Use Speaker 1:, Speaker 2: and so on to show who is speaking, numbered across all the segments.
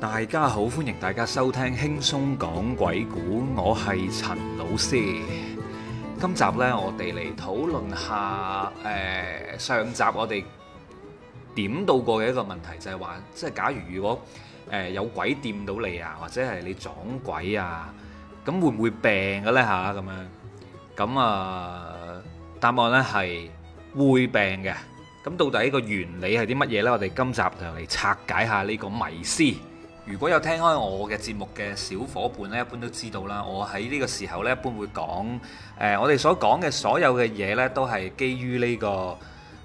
Speaker 1: 大家好，歡迎大家收聽輕鬆講鬼故，我係陳老師。今集呢，我哋嚟討論下，誒，上集我哋點到過嘅一個問題，就係話，即係假如如果誒有鬼掂到你啊，或者係你撞鬼啊，咁會唔會病嘅呢吓？咁樣，咁啊，答案呢係會病嘅。咁到底呢個原理係啲乜嘢呢？我哋今集就嚟拆解下呢個迷思。如果有聽開我嘅節目嘅小伙伴呢，一般都知道啦。我喺呢個時候呢，一般會講，誒、呃，我哋所講嘅所有嘅嘢呢，都係基於呢個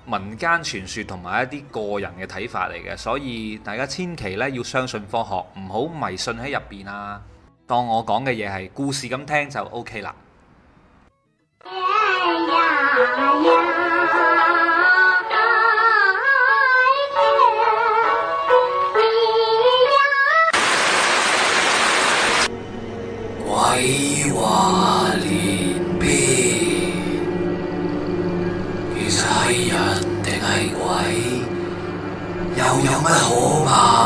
Speaker 1: 民間傳説同埋一啲個人嘅睇法嚟嘅。所以大家千祈呢，要相信科學，唔好迷信喺入邊啊！當我講嘅嘢係故事咁聽就 OK 啦。哎鬼話連篇，其實係人定係鬼？
Speaker 2: 又有乜可怕？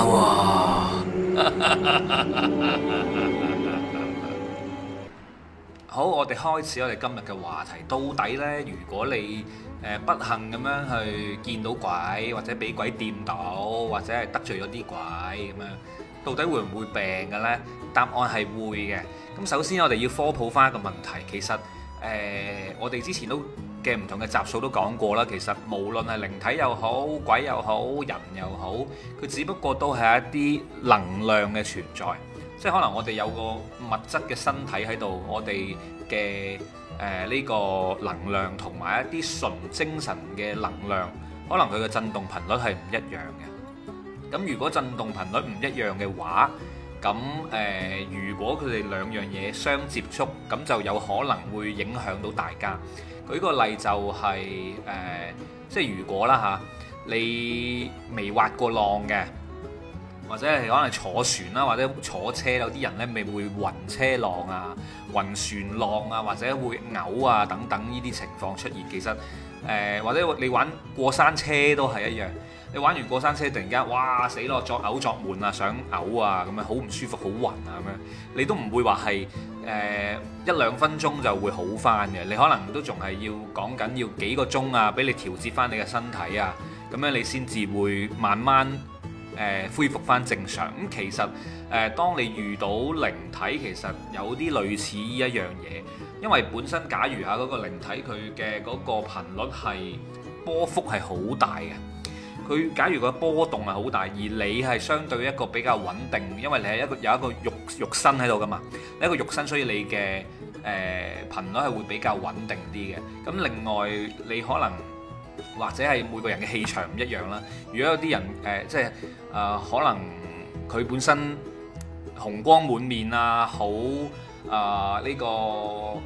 Speaker 1: 好，我哋開始我哋今日嘅話題。到底呢，如果你誒不幸咁樣去見到鬼，或者俾鬼掂到，或者係得罪咗啲鬼咁樣。到底會唔會病嘅咧？答案係會嘅。咁首先我哋要科普翻一個問題，其實誒我哋之前都嘅唔同嘅集數都講過啦。其實無論係靈體又好、鬼又好、人又好，佢只不過都係一啲能量嘅存在。即係可能我哋有個物質嘅身體喺度，我哋嘅誒呢個能量同埋一啲純精神嘅能量，可能佢嘅振動頻率係唔一樣嘅。咁如果震動頻率唔一樣嘅話，咁誒、呃、如果佢哋兩樣嘢相接觸，咁就有可能會影響到大家。舉個例就係、是、誒、呃，即係如果啦吓、啊，你未滑過浪嘅，或者係可能坐船啦，或者坐車有啲人呢未會暈車浪啊、暈船浪啊，或者會嘔啊等等呢啲情況出現。其實誒、呃，或者你玩過山車都係一樣。你玩完過山車，突然間哇死咯，作嘔作悶啊，想嘔啊，咁樣好唔舒服，好暈啊咁樣，你都唔會話係誒一兩分鐘就會好翻嘅，你可能都仲係要講緊要幾個鐘啊，俾你調節翻你嘅身體啊，咁樣你先至會慢慢誒、呃、恢復翻正常。咁其實誒、呃，當你遇到靈體，其實有啲類似呢一樣嘢，因為本身假如嚇、啊、嗰、嗰個靈體佢嘅嗰個頻率係波幅係好大嘅。佢假如個波動係好大，而你係相對一個比較穩定，因為你係一個有一個肉肉身喺度㗎嘛，你一個肉身，所以你嘅誒、呃、頻率係會比較穩定啲嘅。咁另外你可能或者係每個人嘅氣場唔一樣啦。如果有啲人誒、呃，即係啊、呃，可能佢本身紅光滿面啊，好啊呢個。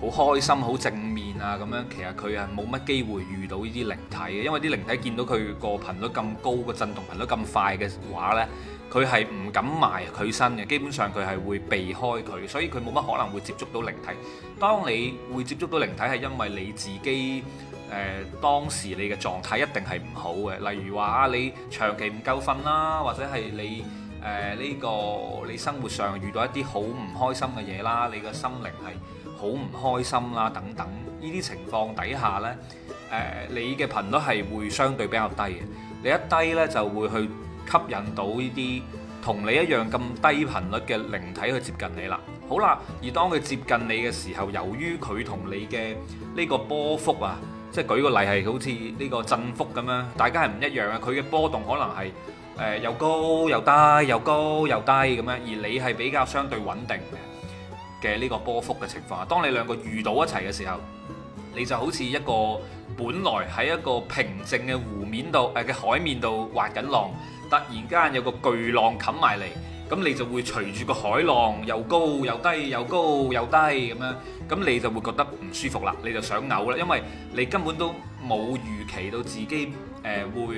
Speaker 1: 好開心，好正面啊！咁樣其實佢係冇乜機會遇到呢啲靈體嘅，因為啲靈體見到佢個頻率咁高，個震動頻率咁快嘅話呢，佢係唔敢埋佢身嘅。基本上佢係會避開佢，所以佢冇乜可能會接觸到靈體。當你會接觸到靈體，係因為你自己誒、呃、當時你嘅狀態一定係唔好嘅，例如話啊，你長期唔夠瞓啦，或者係你誒呢、呃呢個你生活上遇到一啲好唔開心嘅嘢啦，你嘅心靈係。好唔開心啦等等，呢啲情況底下呢，誒、呃、你嘅頻率係會相對比較低嘅，你一低呢，就會去吸引到呢啲同你一樣咁低頻率嘅靈體去接近你啦。好啦，而當佢接近你嘅時候，由於佢同你嘅呢個波幅啊，即係舉個例係好似呢個振幅咁樣，大家係唔一樣嘅，佢嘅波動可能係誒、呃、又高又低又高又低咁樣，而你係比較相對穩定嘅。嘅呢個波幅嘅情況，當你兩個遇到一齊嘅時候，你就好似一個本來喺一個平靜嘅湖面度誒嘅海面度滑緊浪，突然間有個巨浪冚埋嚟，咁你就會隨住個海浪又高又低又高又低咁樣，咁你就會覺得唔舒服啦，你就想嘔啦，因為你根本都冇預期到自己誒、呃、會。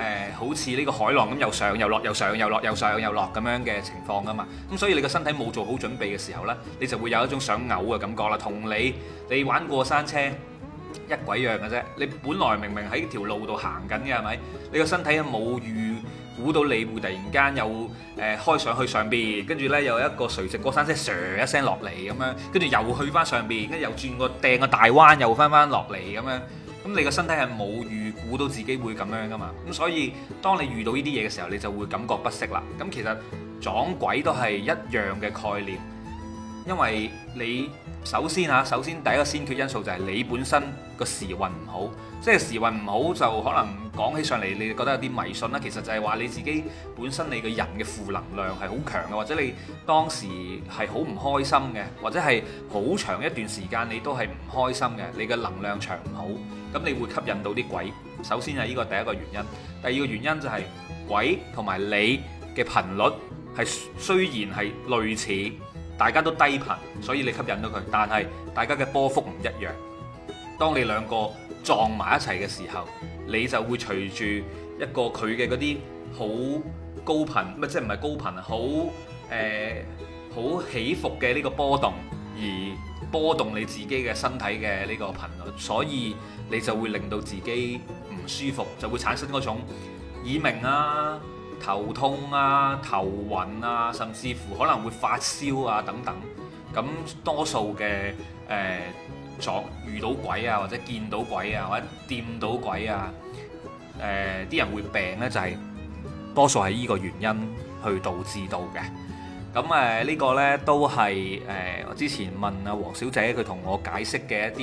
Speaker 1: 誒、呃，好似呢個海浪咁，又上又落，又上又落，又上又落咁樣嘅情況噶嘛。咁、嗯、所以你個身體冇做好準備嘅時候呢，你就會有一種想嘔嘅感覺啦。同你你玩過山車一鬼樣嘅啫。你本來明明喺條路度行緊嘅係咪？你個身體冇預估到你會突然間又誒開上去上邊，跟住呢，有一個垂直過山車唰、呃、一聲落嚟咁樣，跟住又去翻上邊，跟住又轉個掟個大彎，又翻翻落嚟咁樣。咁你個身體係冇預估到自己會咁樣噶嘛？咁所以當你遇到呢啲嘢嘅時候，你就會感覺不適啦。咁其實撞鬼都係一樣嘅概念，因為你首先嚇，首先第一個先決因素就係你本身，個時運唔好，即係時運唔好就可能講起上嚟，你覺得有啲迷信啦。其實就係話你自己本身你個人嘅負能量係好強嘅，或者你當時係好唔開心嘅，或者係好長一段時間你都係唔開心嘅，你嘅能量場唔好，咁你會吸引到啲鬼。首先係呢個第一個原因，第二個原因就係鬼同埋你嘅頻率係雖然係類似，大家都低頻，所以你吸引到佢，但係大家嘅波幅唔一樣。當你兩個撞埋一齊嘅時候，你就會隨住一個佢嘅嗰啲好高頻，乜即係唔係高頻好誒，好、呃、起伏嘅呢個波動而波動你自己嘅身體嘅呢個頻率，所以你就會令到自己唔舒服，就會產生嗰種耳鳴啊、頭痛啊、頭暈啊，甚至乎可能會發燒啊等等。咁多數嘅誒。呃撞遇到鬼啊，或者見到鬼啊，或者掂到鬼啊，誒啲人會病呢，就係多數係呢個原因去導致到嘅。咁誒呢個呢都係誒我之前問阿黃小姐，佢同我解釋嘅一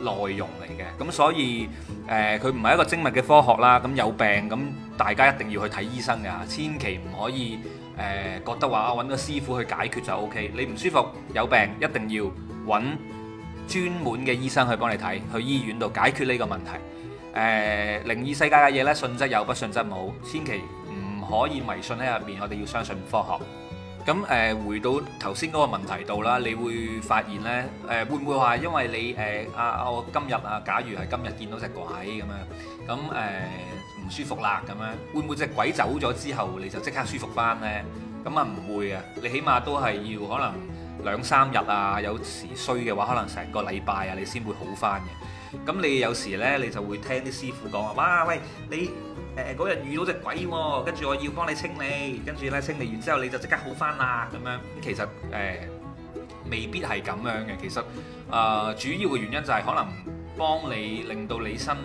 Speaker 1: 啲內容嚟嘅。咁所以誒佢唔係一個精密嘅科學啦。咁有病咁大家一定要去睇醫生㗎，千祈唔可以誒覺得話揾個師傅去解決就 OK。你唔舒服有病，一定要揾。專門嘅醫生去幫你睇，去醫院度解決呢個問題。誒、呃，靈異世界嘅嘢咧，信則有，不信則冇，千祈唔可以迷信喺入面。我哋要相信科學。咁誒、呃，回到頭先嗰個問題度啦，你會發現呢，誒、呃、會唔會話因為你誒、呃、啊我今日啊，假如係今日見到隻鬼咁樣，咁誒唔舒服啦咁樣，會唔會隻鬼走咗之後你就即刻舒服返呢？咁啊唔會啊？你起碼都係要可能。兩三日啊，有時衰嘅話，可能成個禮拜啊，你先會好返嘅。咁你有時呢，你就會聽啲師傅講話，哇，喂，你誒嗰日遇到隻鬼喎、啊，跟住我要幫你清理，跟住呢，清理完之後你就即刻好返啦咁樣。其實誒、呃、未必係咁樣嘅，其實啊、呃、主要嘅原因就係可能幫你令到你身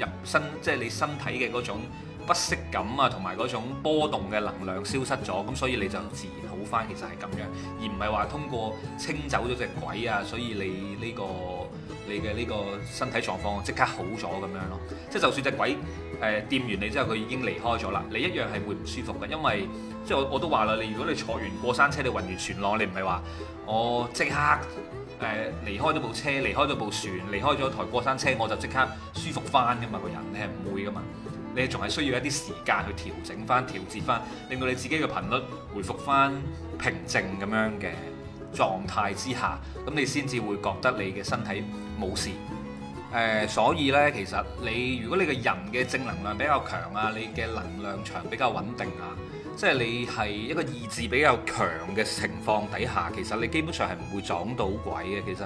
Speaker 1: 入身即係你身體嘅嗰種不適感啊，同埋嗰種波動嘅能量消失咗，咁所以你就自。好翻，其實係咁樣，而唔係話通過清走咗隻鬼啊，所以你呢、呢個你嘅呢個身體狀況即刻好咗咁樣咯。即係就算隻鬼誒掂、呃、完你之後，佢已經離開咗啦，你一樣係會唔舒服嘅。因為即係我我都話啦，你如果你坐完過山車，你暈完船浪，你唔係話我即刻誒離、呃、開咗部車，離開咗部船，離開咗台過山車，我就即刻舒服翻噶嘛。個人你係唔會噶嘛。你仲係需要一啲時間去調整返、調節返，令到你自己嘅頻率回復返平靜咁樣嘅狀態之下，咁你先至會覺得你嘅身體冇事。誒、呃，所以呢，其實你如果你個人嘅正能量比較強啊，你嘅能量場比較穩定啊，即係你係一個意志比較強嘅情況底下，其實你基本上係唔會撞到鬼嘅。其實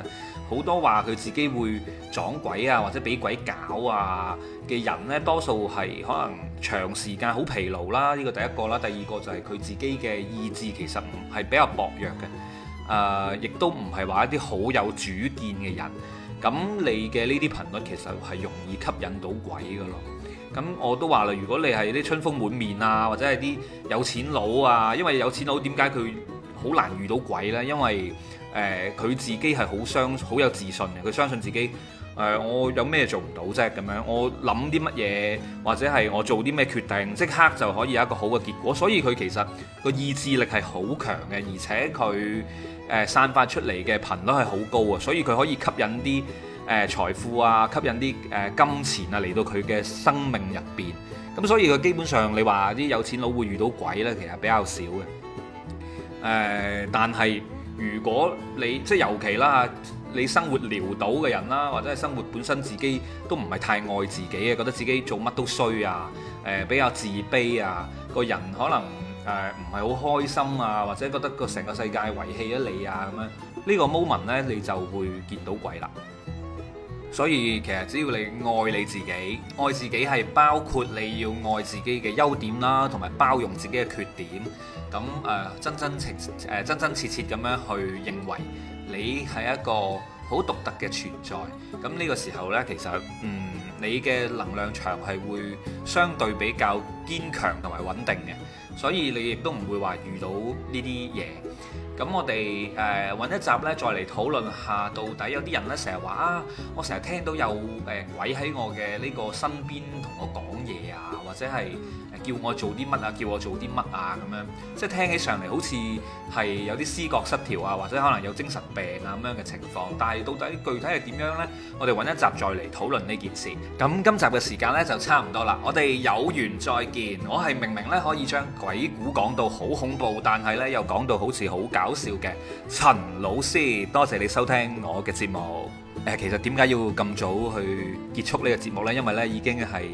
Speaker 1: 好多話佢自己會撞鬼啊，或者俾鬼搞啊嘅人呢，多數係可能長時間好疲勞啦、啊，呢、這個第一個啦，第二個就係佢自己嘅意志其實係比較薄弱嘅，誒、呃，亦都唔係話一啲好有主見嘅人。咁你嘅呢啲頻率其實係容易吸引到鬼㗎咯。咁我都話啦，如果你係啲春風滿面啊，或者係啲有錢佬啊，因為有錢佬點解佢好難遇到鬼呢？因為誒佢、呃、自己係好相好有自信嘅，佢相信自己。誒、呃，我有咩做唔到啫？咁樣，我諗啲乜嘢，或者係我做啲咩決定，即刻就可以有一個好嘅結果。所以佢其實個意志力係好強嘅，而且佢誒、呃、散發出嚟嘅頻率係好高啊，所以佢可以吸引啲誒財富啊，吸引啲誒、呃、金錢啊嚟到佢嘅生命入邊。咁所以佢基本上，你話啲有錢佬會遇到鬼呢，其實比較少嘅。誒、呃，但係如果你即係尤其啦。你生活潦倒嘅人啦，或者係生活本身自己都唔係太愛自己嘅，覺得自己做乜都衰啊，誒、呃、比較自卑啊，個人可能誒唔係好開心啊，或者覺得個成個世界遺棄咗你啊咁樣，這個、呢個 moment 咧你就會見到鬼啦。所以其實只要你愛你自己，愛自己係包括你要愛自己嘅優點啦，同埋包容自己嘅缺點，咁誒、呃、真真情誒、呃、真真切切咁樣去認為。你係一個好獨特嘅存在，咁呢個時候呢，其實嗯，你嘅能量場係會相對比較堅強同埋穩定嘅，所以你亦都唔會話遇到呢啲嘢。咁我哋誒揾一集呢，再嚟討論下，到底有啲人呢，成日話啊，我成日聽到有誒鬼喺我嘅呢個身邊同我講嘢啊。或者係叫我做啲乜啊，叫我做啲乜啊咁樣，即係聽起上嚟好似係有啲思覺失調啊，或者可能有精神病啊咁樣嘅情況。但係到底具體係點樣呢？我哋揾一集再嚟討論呢件事。咁今集嘅時間呢，就差唔多啦，我哋有緣再見。我係明明呢可以將鬼故講到好恐怖，但係呢又講到好似好搞笑嘅陳老師，多謝你收聽我嘅節目。誒、呃，其實點解要咁早去結束呢個節目呢？因為呢已經係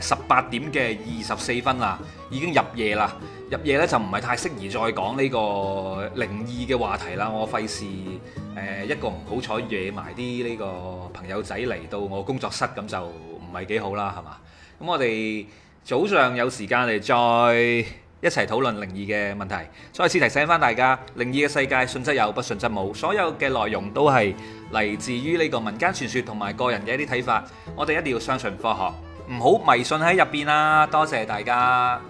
Speaker 1: 誒十八點點嘅二十四分啦，已經入夜啦。入夜咧就唔係太適宜再講呢個靈異嘅話題啦。我費事誒，一個唔好彩惹埋啲呢個朋友仔嚟到我工作室，咁就唔係幾好啦，係嘛？咁我哋早上有時間嚟再一齊討論靈異嘅問題。再次提醒返大家，靈異嘅世界，信則有，不信則冇。所有嘅內容都係嚟自於呢個民間傳說同埋個人嘅一啲睇法。我哋一定要相信科學。唔好迷信喺入邊啦，多謝大家。